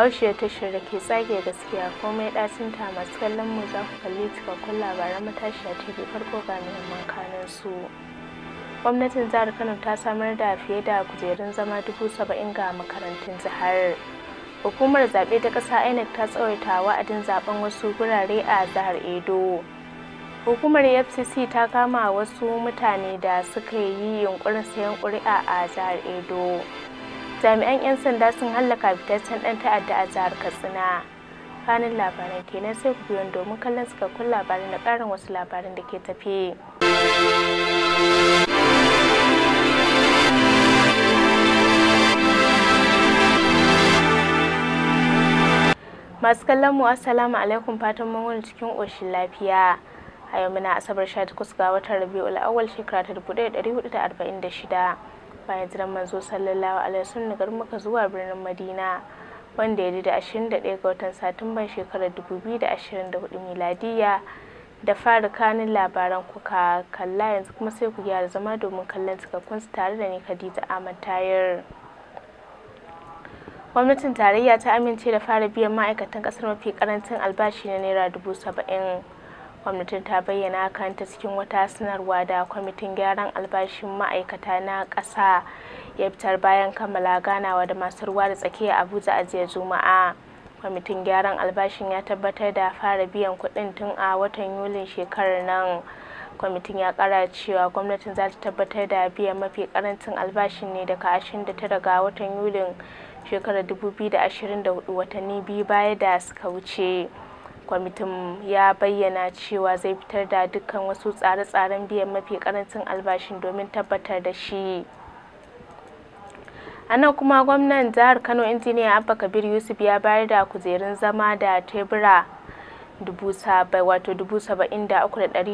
Bahaushiya tashar da ke tsage gaskiya komai ɗacinta masu kallon mu za ku kalli cikakkun labaran matashiya TV farko ga muhimman kanin su. Gwamnatin jihar Kano ta samar da fiye da kujerun zama dubu saba'in ga makarantun jihar. Hukumar zaɓe ta ƙasa INEC ta tsawaita wa'adin zaɓen wasu gurare a jihar Edo. Hukumar FCC ta kama wasu mutane da suka yi yunkurin sayan ƙuri'a a jihar Edo. jami'an 'yan sanda sun hallaka fitaccen dan ta'adda a jihar katsina kanin labaran kenan sai ku biyan domin kallon cikakkun labarin da karin wasu labarin da ke tafe masu kallon mu assalamu alaikum fatan mun wani cikin oshin lafiya a yau muna asabar 18 ga watan rabi'ul awwal shekara ta 1446 bayan jiran manzo sallallahu alaihi wasallam garin muka zuwa birnin madina wanda ya da 21 ga watan satumban shekarar 2024 miladiya da fara kanin labaran kuka kalla yanzu kuma sai ku gyara zama domin kallon cikakkun su tare da ni khadija ahmad tayar gwamnatin tarayya ta amince da fara biyan ma'aikatan kasar mafi karancin albashi na naira dubu saba'in kwamitin ta bayyana kanta ta cikin wata sanarwa da kwamitin gyaran albashin ma'aikata na ƙasa ya fitar bayan kammala ganawa da masu ruwa da tsakiya abuja a jiya juma'a kwamitin gyaran albashin ya tabbatar da fara biyan kuɗin tun a watan yulin shekarar nan kwamitin ya kara cewa gwamnatin za ta tabbatar da biyan mafi karancin albashin ne daga ashirin da tara ga watan yulin shekarar 2024 watanni biyu baya da suka wuce kwamitin ya bayyana cewa zai fitar da dukkan wasu tsare-tsaren biyan mafi karancin albashin domin tabbatar da shi a nan kuma gwamnan jihar kano injiniya abba kabir yusuf ya bayar da kujerun zama da tebura wato dubu saba'in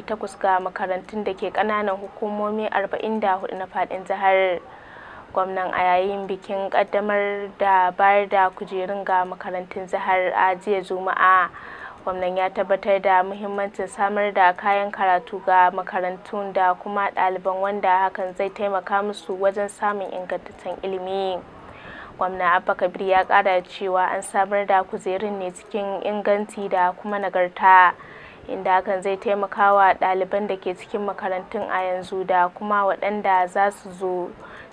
takwas ga makarantun da ke kananan hukumomi arba'in na faɗin jihar gwamnan a yayin bikin ƙaddamar da bayar da kujerun ga makarantun jihar a jiya juma'a gwamnan ya tabbatar da muhimmancin samar da kayan karatu ga makarantun da kuma ɗaliban wanda hakan zai taimaka musu wajen samun ingantaccen ilimi gwamna abba kabir ya ƙara cewa an samar da kuzerin ne cikin inganci da kuma nagarta inda hakan zai taimaka wa ɗaliban da ke cikin makarantun a yanzu da kuma waɗanda za su zo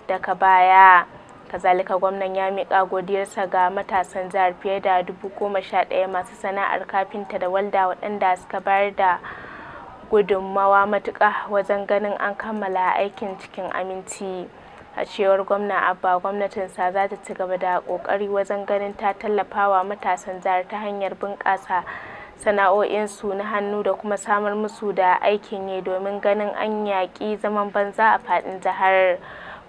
daga baya kazalika gwamnan ya miƙa godiyarsa ga matasan jihar fiye da dubu goma sha ɗaya masu sana'ar kafinta da walda waɗanda suka bayar da gudummawa matuƙa wajen ganin an kammala aikin cikin aminci a cewar gwamna abba gwamnatinsa za ta ci gaba da ƙoƙari wajen ganin ta tallafawa matasan jihar ta hanyar bunƙasa sana'o'insu na hannu da kuma samar musu da aikin yi domin ganin an yaƙi zaman banza a faɗin jihar.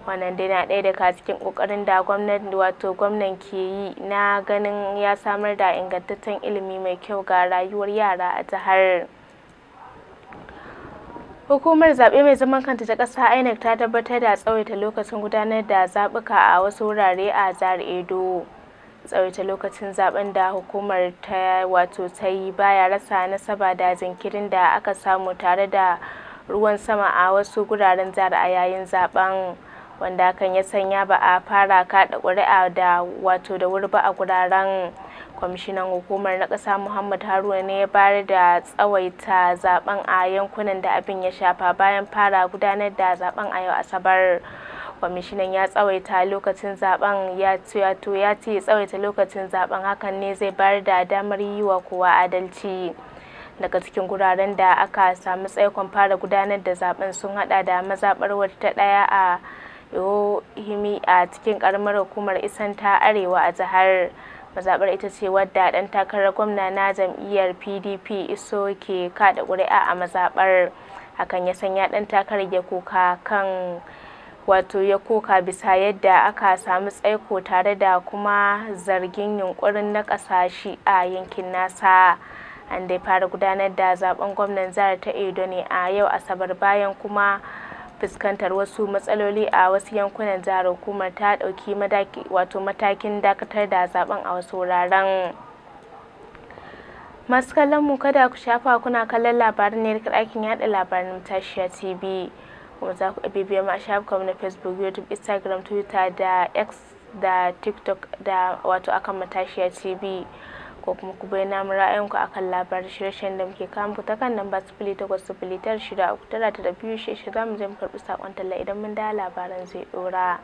wannan dai na ɗaya daga cikin ƙoƙarin da gwamnati wato gwamnan ke yi na ganin ya samar da ingantaccen ilimi mai kyau ga rayuwar yara a jihar Hukumar zaɓe mai zaman kanta ta ƙasa INEC ta tabbatar da tsawaita lokacin gudanar da zaɓuka a wasu wurare a jihar Edo. Tsawaita lokacin zaɓen da hukumar ta wato ta yi baya rasa nasaba da jinkirin da aka samu tare da ruwan sama a wasu guraren jihar a yayin zaɓen. wanda hakan ya sanya ba a fara kada ƙuri'a da wato da wuri ba a guraren kwamishinan hukumar na ƙasa muhammad haruna ne ya bayar da tsawaita zaben a yankunan da abin ya shafa bayan fara gudanar da zaben a yau asabar kwamishinan ya tsawaita lokacin zaben ya tuyato ya ce tsawaita lokacin zaben hakan ne zai bayar da damar yi wa kowa adalci daga cikin guraren da aka samu tsaikon fara gudanar da zaben sun hada da mazabar wata ta a Yohimi a cikin karamar hukumar Isan ta Arewa a jihar. Mazaɓar ita ce wadda ɗan takarar gwamna na jam'iyyar PDP Iso ke kada ƙuri'a a mazaɓar. Hakan ya sanya ɗan takarar ya koka kan wato ya koka bisa yadda aka samu tsaiko tare da kuma zargin yunkurin na ƙasashe a yankin nasa. an dai fara gudanar da zaben gwamnan jihar ta edo ne a yau asabar bayan kuma fuskantar wasu matsaloli a wasu yankunan jihar hukumar ta ɗauki wato matakin dakatar da zaben a wasu wuraren masu kallon mu kada ku shafa kuna kallon labarin ne da ɗakin yaɗa labarin tashiya tv kuma za ku bibiya mu a shafukan na facebook youtube instagram twitter da x da tiktok da wato akan matashiya tv ko kuma ku bayyana mu ra'ayinku akan labarin shirye-shiryen da muke kawo muku ta kan namba sifili takwas mu je mu karɓi sakon talla idan mun dawo labaran zai ɗora.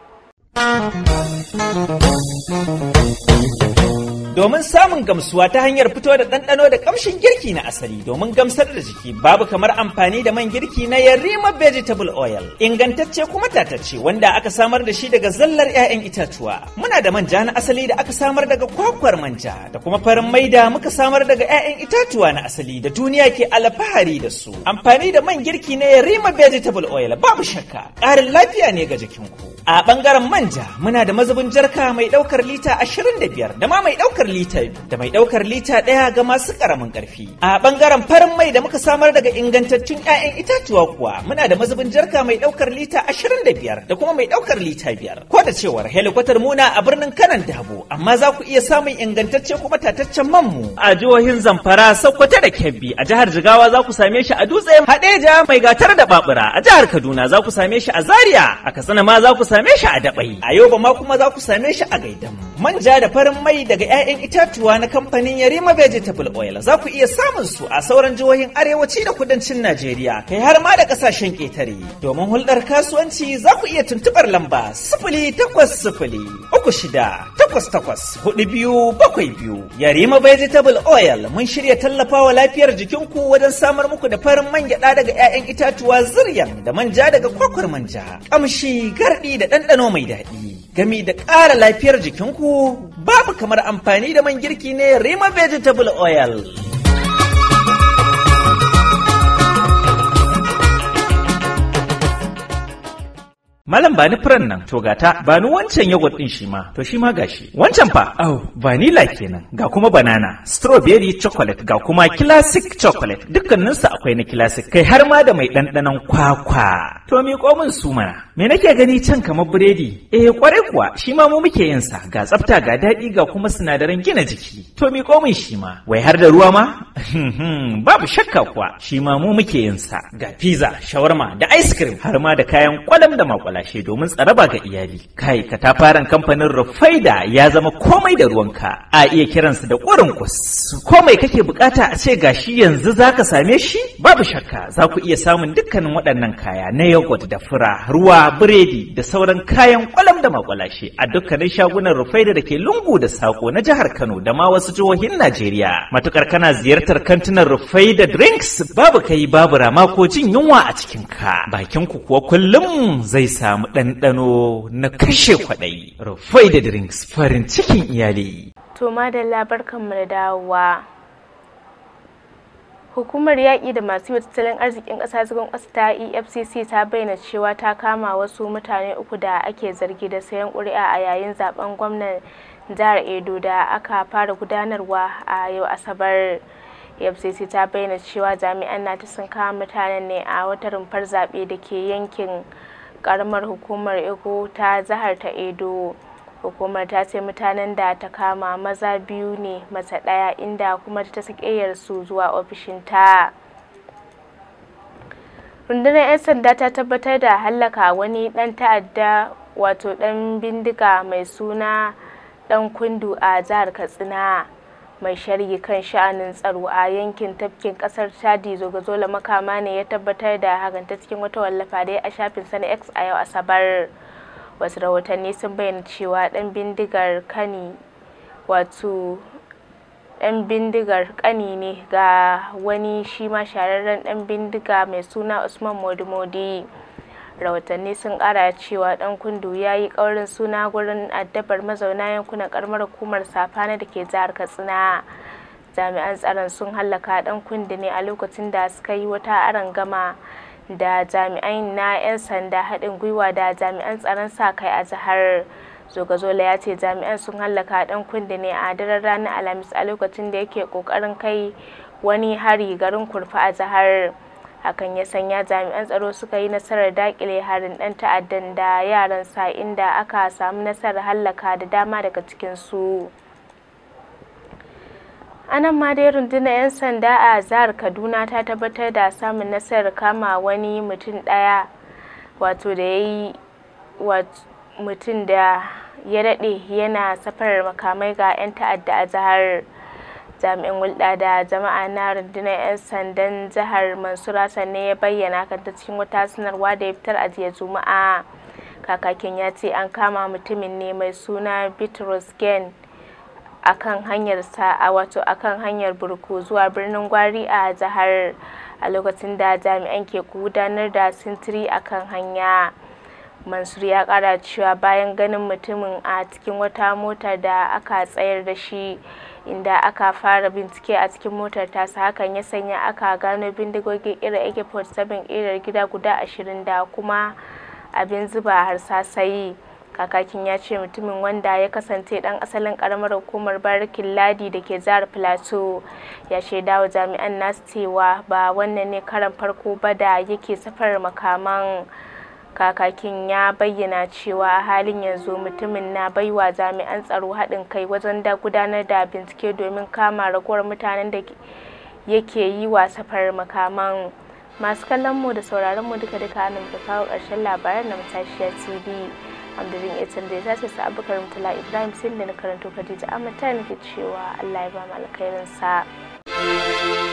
domin samun gamsuwa ta hanyar fito da ɗanɗano da ƙamshin girki na asali domin gamsar da jiki babu kamar amfani da man girki na yarima vegetable oil ingantacce kuma tatacce wanda aka samar da shi daga zallar 'ya'yan itatuwa muna da manja na asali da aka samar daga kwakwar manja da kuma farin maida muka samar daga 'ya'yan itatuwa na asali da duniya ke alfahari da su amfani da man girki na yarima vegetable oil babu shakka ƙarin lafiya ne ga jikinku a ɓangaren manja muna da mazubin jarka mai ɗaukar lita 25 da ma mai ɗaukar ɗaukar lita biyu da mai ɗaukar lita ɗaya ga masu ƙaramin ƙarfi. A ɓangaren farin mai da muka samar daga ingantattun 'ya'yan itatuwa kuwa muna da mazubin jarka mai ɗaukar lita ashirin da biyar da kuma mai ɗaukar lita biyar. Ko da cewar helikwatar na a birnin Kanan Dabo amma za ku iya samun ingantacce kuma tataccen man mu a jihohin Zamfara, Sokoto da Kebbi a jihar Jigawa za ku same shi a dutse ja mai gatar da Babura a jihar Kaduna za ku same shi a Zaria a Katsina ma za ku same shi a Dabai a Yoba ma kuma za ku same shi a Gaidam. Manja da farin mai daga 'ya'yan 'ya'yan itatuwa na kamfanin Yarima Vegetable Oil za ku iya samun su a sauran jihohin arewaci da kudancin Najeriya kai har ma da ƙasashen ƙetare. Domin hulɗar kasuwanci za ku iya tuntuɓar lamba sifili takwas sifili uku shida takwas takwas hudu biyu bakwai biyu. Yarima Vegetable Oil mun shirya tallafawa lafiyar jikinku wajen samar muku da farin man gyaɗa daga 'ya'yan itatuwa zuriyan da manja daga kwakwar manja. Ƙamshi garɗi da ɗanɗano mai daɗi. gami da ƙara lafiyar jikinku babu kamar amfani da man girki ne Rima Vegetable Oil. Malam bani furan nan to gata bani wancan yogurt din shi ma to shi ma gashi wancan fa oh vanilla kenan ga kuma banana strawberry chocolate ga kuma classic chocolate dukkanin su akwai na classic kai har ma da mai ɗanɗanon kwakwa to mi komin su mana me nake gani can kamar biredi eh kwarai kuwa shi ma mu muke yin sa ga tsafta ga daɗi ga kuma sinadaran gina jiki to mi komin shi ma wai har da ruwa ma babu shakka kuwa shi ma mu muke yin sa ga pizza shawarma da ice cream har ma da kayan kwalam da makwala hasashe domin tsaraba ga iyali kai ka tafaran kamfanin rufaida ya zama komai da ruwanka a iya kiransu da ƙwarin kwas komai kake bukata a ce gashi yanzu zaka same shi babu shakka za ku iya samun dukkanin waɗannan kaya na yogurt da fura ruwa biredi da sauran kayan kwalam da makwalashe a dukkanin shagunan rufaida da ke lungu da sako na jihar Kano da ma wasu jihohin Najeriya matukar kana ziyartar kantinan rufaida drinks babu kai babu rama ko jin yunwa a cikin ka bakin ku kuwa kullum zai sa samu ɗanɗano na kashe kwaɗayi rufai da drinks farin cikin iyali. To madalla mu da dawowa. Hukumar yaƙi da masu yi tattalin arzikin ƙasa zagon ƙasa ta EFCC ta bayyana cewa ta kama wasu mutane uku da ake zargi da sayan ƙuri'a a yayin zaben gwamnan jihar Edo da aka fara gudanarwa a yau Asabar. EFCC ta bayyana cewa jami'an nata sun kama mutanen ne a wata rumfar zaɓe da ke yankin karamar hukumar eko ta jihar ta edo hukumar ta ce mutanen da ta kama maza biyu ne mace ɗaya inda kuma ta sakeyar su zuwa ofishin ta rundunar 'yan sanda ta tabbatar da hallaka wani ɗan ta'adda wato ɗan bindiga mai suna ɗan kundu a jihar katsina mai sharhi kan sha'anin tsaro a yankin tafkin kasar chadi zogazola makama ne ya tabbatar da haganta cikin wata wallafa da a shafin sana x a yau asabar wasu rahotanni sun bayyana cewa dan bindigar kani wato dan bindigar kani ne ga wani shi ma shahararren dan bindiga mai suna usman modimodi rahotanni sun kara cewa dan kundu ya yi kaurin suna gurin addabar mazauna yankunan karamar hukumar safana da ke jihar katsina jami'an tsaron sun hallaka dan kundu ne a lokacin da suka yi wata aron gama da jami'ai na 'yan sanda haɗin gwiwa da jami'an tsaron sa kai a jihar zogazola ya ce jami'an sun hallaka dan kundu ne a daren ranar alhamis a lokacin da yake kokarin kai wani hari garin kurfa a jihar hakan ya sanya jami'an tsaro suka yi nasarar dakile harin dan ta'addan da yaran sa inda aka samu nasarar hallaka da dama daga cikin su anan ma dai rundunar 'yan sanda a jihar kaduna ta tabbatar da samun nasarar kama wani mutum daya wato da ya yi mutum da ya daɗe yana safarar makamai ga 'yan ta'adda a jihar jami'in hulɗa da jama'a na rundunar 'yan sandan jihar mansura sanne ya bayyana kan ta cikin wata sanarwa da ya fitar ajiye juma'a kakakin ya ce an kama mutumin ne mai suna bitrus gen kan hanyar sa a wato a kan hanyar burku zuwa birnin gwari a jihar a lokacin da jami'an ke gudanar da sintiri a kan hanya Mansur ya kara cewa bayan ganin mutumin a cikin wata mota da aka tsayar da shi inda aka fara bincike a cikin motar tasa hakan ya sanya aka gano bindigogin irin AK47 irar gida guda ashirin da kuma abin zuba harsasai kakakin ya ce mutumin wanda ya kasance dan asalin karamar hukumar barikin ladi da ke jihar plateau ya shaidawa jami'an nasu cewa ba wannan ne karan farko ba da yake safar makaman kakakin ya bayyana cewa a halin yanzu mutumin na baiwa jami'an tsaro haɗin kai wajen da gudanar da bincike domin kama raguwar mutanen da yake yi wa safar makaman masu kallon mu da sauraron mu duka duka nan da kawo ƙarshen labaran na matashiya tv amdadin itin da ya tace sa abubakar mutala ibrahim sin da na karanto khadija amma ta nake cewa allah ya ba mu alkhairinsa